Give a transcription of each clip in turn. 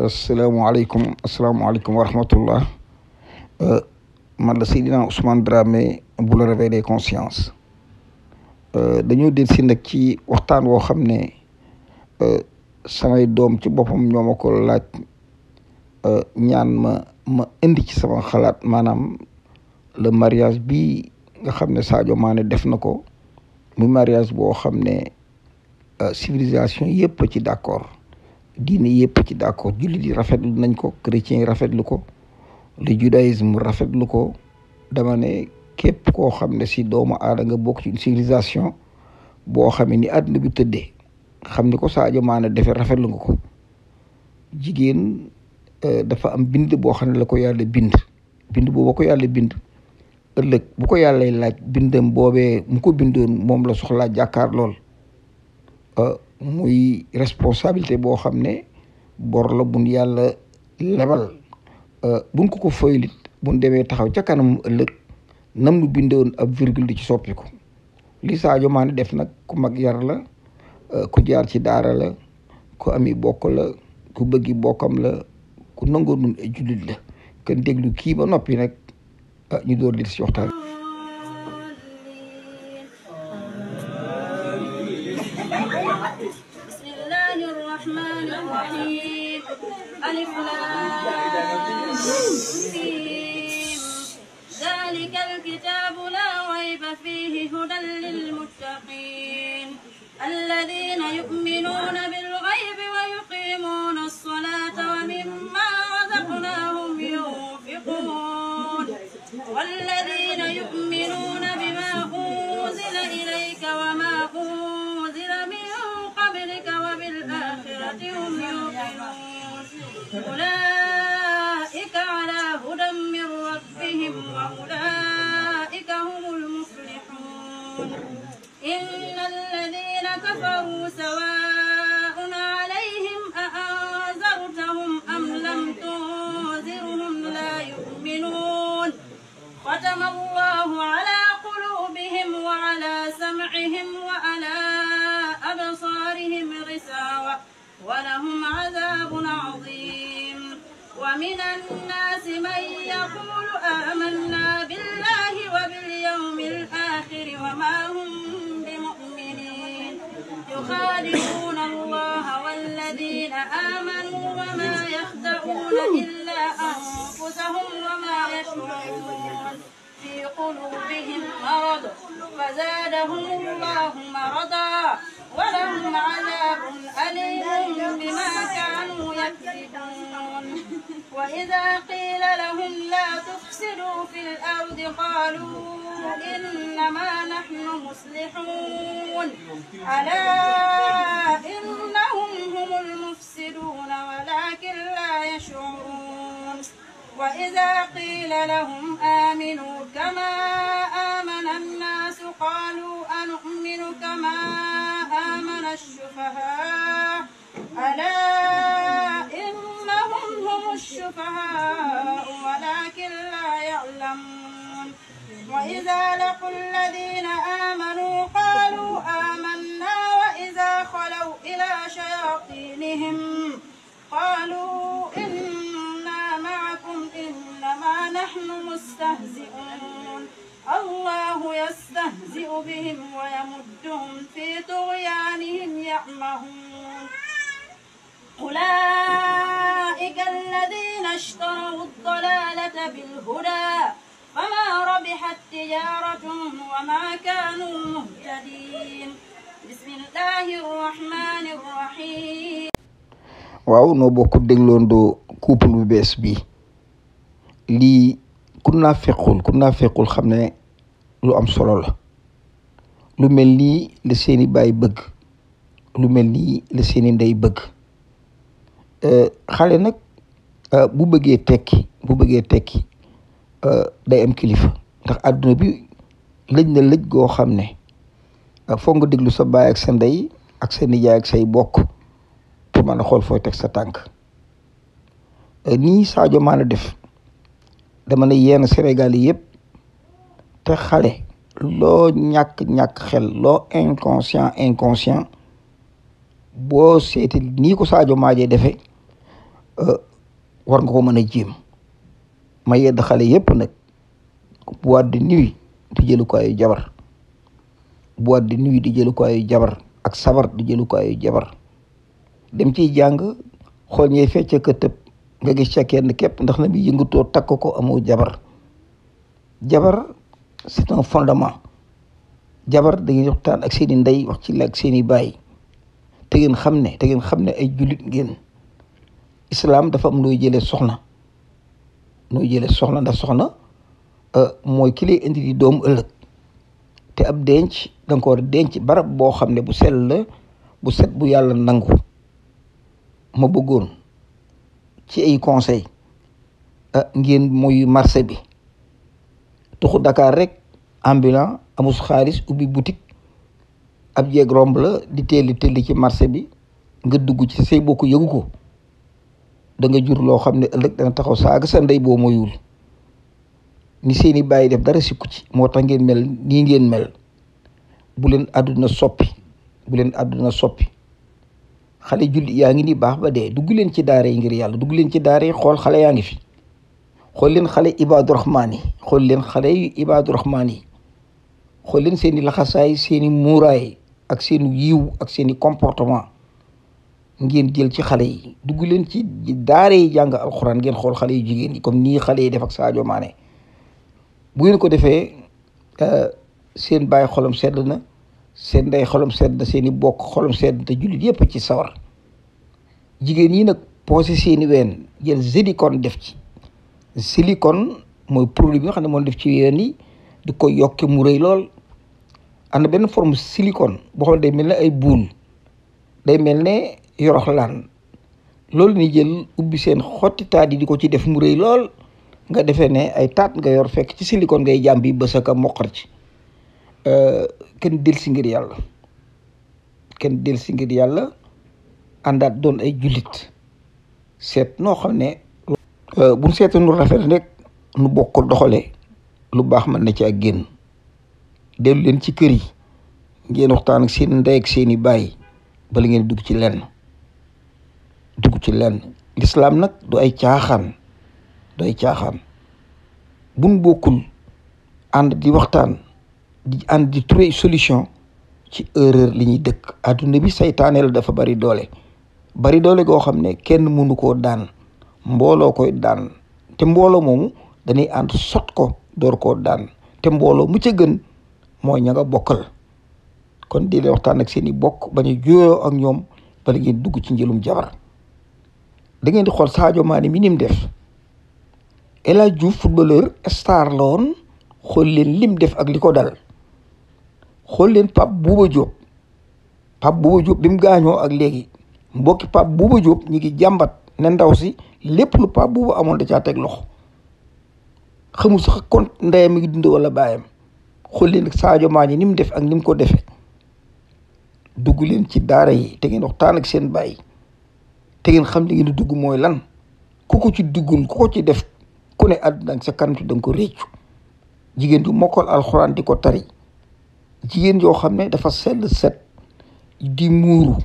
asalaamualeykum asalaamualeykum wa rahmatullah euh, man la Seydina Ousmane Dramé bu la réveil des consciences euh, dañoo del si nag ci waxtaan woo xam ne euh, samay doom ci boppam ñooma ko laaj ñaan ma ma indi ci sama xalaat maanaam le mariage bi nga xam ne Sadio maane def na ko muy mariage boo xam ne civilisation yëpp ci d'accord diine yëpp ci d'accord jullit yi rafetlu nañ ko chrétien yi rafetlu ko le judaïsme rafetlu ko dama ne képp koo xam ne si doomu aada nga bokk ci civilisation boo xamee ni àdduna bi tëddee xam ni ko Sadio Mané defee rafetlu nga ko jigéen euh, dafa am bind boo xam ne la ko yàlla bind bind boobu ko yàlla bind ëllëg bu ko yàllay laaj bindam boobee mu ko bindoon moom la soxlaa jàkkaar lool euh, muy responsabilité boo xam ne bor la buñ yàlla lebal euh, buñ ko ko foylit bun demee taxaw ca kanam ëllëg nam nu bindoon ab virgule di ci soppi ko li Sadio Mané def nag ku mag yar la euh, ku jaar ci daarala ku ami bokk la ku bëggi bokkam la ku nangoo nun ay jullit la kon déglu kii ba noppi nag ah, ñu door di si waxtaan بسم الله الرحمن الرحيم ألف ذلك الكتاب لا ريب فيه هدى للمتقين الذين يؤمنون بال إن الذين كفروا سواء عليهم أأنذرتهم أم لم تنذرهم لا يؤمنون ختم الله على قلوبهم وعلى سمعهم وعلى أبصارهم غساوة ولهم ومن الناس من يقول آمنا بالله وباليوم الآخر وما هم بمؤمنين يخادعون الله والذين آمنوا وما يخدعون إلا أنفسهم وما يشعرون في قلوبهم مرض فزادهم الله مرضا ولهم عذاب أليم بما كانوا يكذبون وإذا قيل لهم لا تفسدوا في الأرض قالوا إنما نحن مصلحون ألا إنهم هم المفسدون ولكن لا يشعرون وإذا قيل لهم آمنوا كما آمن الناس قالوا أنؤمن كما الشفهاء ألا إنهم هم الشفهاء ولكن لا يعلمون وإذا لقوا الذين آمنوا قالوا آمنا وإذا خلوا إلى شياطينهم قالوا إنا معكم إنما نحن مستهزئون الله يستهزئ بهم ويمدهم في طغيانهم يعمهون أولئك الذين اشتروا الضلالة بالهدى فما ربحت تجارتهم وما كانوا مهتدين بسم الله الرحمن الرحيم waaw noo bokk dégloondoo couple bu bees bi lii ku naa fequl ku naa fequl xam ne lu am solo la lu mel nii la seeni baay bëgg lu mel nii la seeni ndey bëgg euh, xale nag euh, bu bëggee tekki bu bëggee tekki euh, day am kilifa ndax àdduna bi lëj na lëj goo xam ne foog nga déglu sa baay ak sa ndey ak sa nijaay ak say bokk pour mën a xool foo teg sa tànk nii Sadio Mané def dama ne yenn Sénégal yëpp. te xale loo ñàkk-ñàkk xel loo inconscient inconscient boo seeti nii ko Sadio Mané defee euh, war nga ko mën a jéem ma yedd xale yépp nag boîte di nuit di ko jëlukaayu jabar boîte di nuit di ko jëlukaayu jabar ak sabar di jëlukaayu jabar dem ciy jàng xool ñey fecc ka tëb nga gis ca kenn képp ndax na muy yëngutoo takk ko amu jabar jabar c'est un fondement jabar da ngeen waxtaan ak seen ndey wax ci la ak seen i baay te ngeen xam ne te ngeen xam ne ay jullit ngeen islam dafa am nooy jële soxna nooy jëlee soxna ndax soxna euh, mooy kile lay indi di doom ëllëg te ab denc da nga ko war denc barab boo xam ne bu sell la bu set bu yàlla nangu ma bëggoon ci ay conseil euh, ngeen mooy marché bi tuxu Dakar rek ambulant amus xaalis ubbi boutique ab jeeg romb la di telli telli ci marché bi nga dugg ci say bokk yëgu ko da nga jur loo xam ne ëllëg dana taxaw saaga sa ndey boo moyul ni seen i bàyyi def dara sikku ci moo tax ngeen mel nii ngeen mel bu leen àdduna soppi bu leen adduna soppi xale julli yaa ngi ni baax ba dee dugg leen ci daara yi ngir yàlla dugg leen ci daara yi xool xale yaa ngi fi xool leen xale ibaadu rahmaan xool leen xale yu ibaadu rahmaan xool leen seen i laxasaay seen i muuraay ak seen yiw ak seen i comportement ngeen jël ci xale yi dugg leen ci daara yi jàng alxuraan ngeen xool xale yu jigéen yi comme nii xale yi def ak Sadio Mané bu ngeen ko defee euh, seen baay xolam sedd na seen ndey xolam sedd na bokk xolam sedd te jullit yëpp ci sawar jigéen yi nag poosé seen i ween jël zidikon def ci silicone mooy produit yi nga xam ne moom def ci yéen di ko yokke mu rëy lool am na benn forme silikon boo xam ne day mel ne ay buun day mel ne yoroxlaan loolu ni jël ubbi seen xotti taat yi di ko ci def mu rëy lool nga defee ne ay taat nga yor fekk ci silicone ngay jàm bi a moqar ci euh, kenn del si ngir yàlla kenn del si ngir yàlla àndaat doon ay jullit seet noo xam ne Euh, bu ñu seetee nu rafet rek nu bokk doxalee lu baax mën na ci ak génn dellu leen ci kër yi ngeen waxtaan ak seen ndey ak seen i baay bala ngeen dugg ci lenn dugg ci lenn lislaam nag du ay caaxaan du ay caaxaan buñ bokkul ànd di waxtaan di ànd di trouver solution ci erreur li ñuy dëkk adduna bi saytaaneel dafa bari doole bari doole goo xam ne kenn mënu ko daan mbooloo koy daan te mbooloo moomu dañuy ànd sot ko door koo daan te mbooloo mu ca gën mooy ñaga bokkal kon di leen waxtaan ak seen bokk ba ñu juyoo ak ñoom bala ngeen dugg ci njëlum jabar da ngeen di xool Sadio Mané mi nim def El Hadj Diouf footballeur star loon woon xool leen lim def ak li ko dal xool leen Pape Bouba Diop Pape Bouba Diop bi mu gaañoo ak léegi mbokki Pape Bouba Diop ñu ngi jàmbat ne ndaw si lépp lu Pape Bouba amoon da caa teg loxo xamul sax kon ndeyam mi ngi dund wala baayam xol leen Sadio Mané ni mu def ak ni mu ko defee dugg leen ci daara yi te ngeen waxtaan ak seen baay te ngeen xam li dugg mooy lan ku ko ci duggul ku ko ci def ku ne àdduna ak sa kanamtu da nga ko réccu jigéen du mokkal alxuraan di ko tari jigéen yoo xam ne dafa sell set di muuru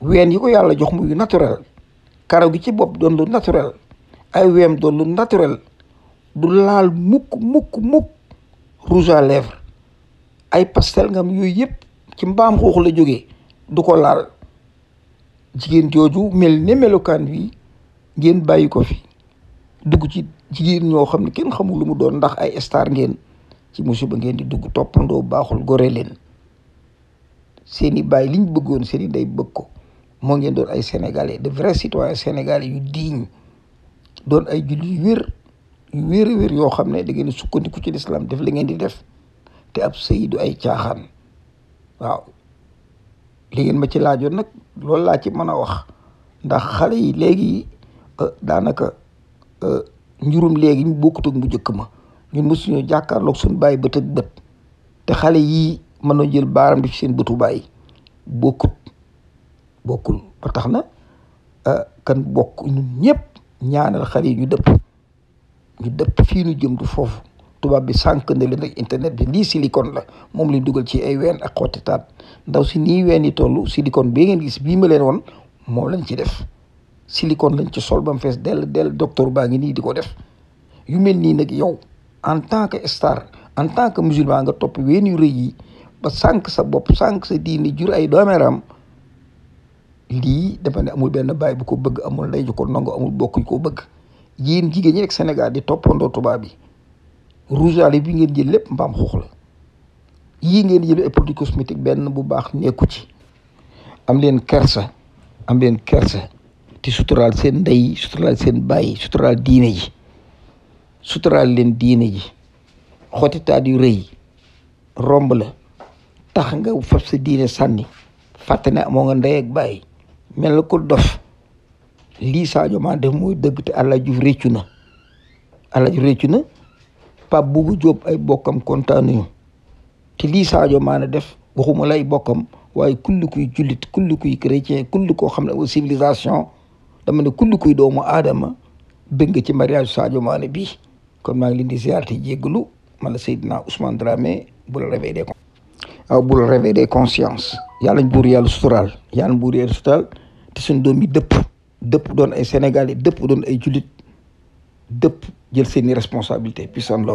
ween yi ko yàlla jox mu naturel karaw gi ci bopp doon lu naturel ay wem doon lu naturel du laal mukk mukk mukk rouge à lèvres ay pastel nga yooyu yëpp ci mbaam xoox la jógee du ko laal jigéen jooju mel ne melokaan wi ngeen bàyyi ko fi dugg ci jigéen ñoo xam ne kenn xamul lu mu doon ndax ay star ngeen ci ba ngeen di dugg toppandoo baaxul gore leen seeni baay liñ bëggoon seeni day bëgg ko moo ngeen doon ay sénégalais de vrais citoyens sénégalais yu digne doon ay julli yu wér yu wér yoo xam ne da ngeen di sukkandiku ci lislaam def la ngeen di def te ab sëy du ay caaxaan waaw li ngeen ma ci laajoon nag loolu laa ci mën a wax ndax xale yi léegi euh, daanaka euh, njurum léegi ñu bokkut ak bu njëkk ma ñun mosuñu jàkkaarloog suñu bàyyi bët ak bët te xale yii mën na jël baaram di ci seen bëtu baay bokkut bokkul ba tax na euh, kan bokk ñun ñëpp ñaanal xale yi ñu dëpp ñu dëpp fii ñu jëm du foofu tubaab bi sànq ne leen rek internet bi lii silicone la moom lañ dugal ci ay ween ak xotti taat ndaw si nii ween yi toll silicone bi ngeen gis bii ma leen woon moom lañ ci def silicone lañ ci sol ba mu fees dell dell docteur baa ngi nii di ko def yu mel nii nag yow en tant que star en tant que musulman nga topp ween yu rëy yi ba sànq sa bopp sànq sa diini jur ay doomeeram lii dafa ne amul benn baay bu ko bëgg amul ndey ju ko nangu amul bokkuñ yu ko bëgg yéen jigéen ñi rek Sénégal di toppandoo tubaab yi rouge bi ngeen jël lépp mbaam xuux la yii ngeen jël ay produits benn bu baax nekku ci am leen kersa am leen kersa te suturaal seen ndey suturaal seen baay suturaal diine ji suturaal leen diine ji xotitaat yu rëy romb la tax nga fab sa diine sànni fàtte ne amoo nga ndey ak mel na ko dof lii Sadio Mané def mooy dëgg te Alla Diouf réccu na Alla Diouf na Pape Boubou Diop ay bokkam kontaanuñu te lii Sadio Mané def waxuma ay bokkam waaye kulli kuy jullit kulli kuy chrétien kulli koo xam ne au civilisation dama ne kulli kuy doomu aadama bëgg ci mariage Sadio Mané bi kon maa ngi leen di ziar te jéggalu man la Seydina Ousmane Dramé bu la réveillé des waaw bu la réveillé des yàlla buur yàlla suturaal yàlla te suñ doom yi dëpp dëpp doon ay sénégalais dëpp doon ay julit dëpp jël seeni responsabilité pisan loo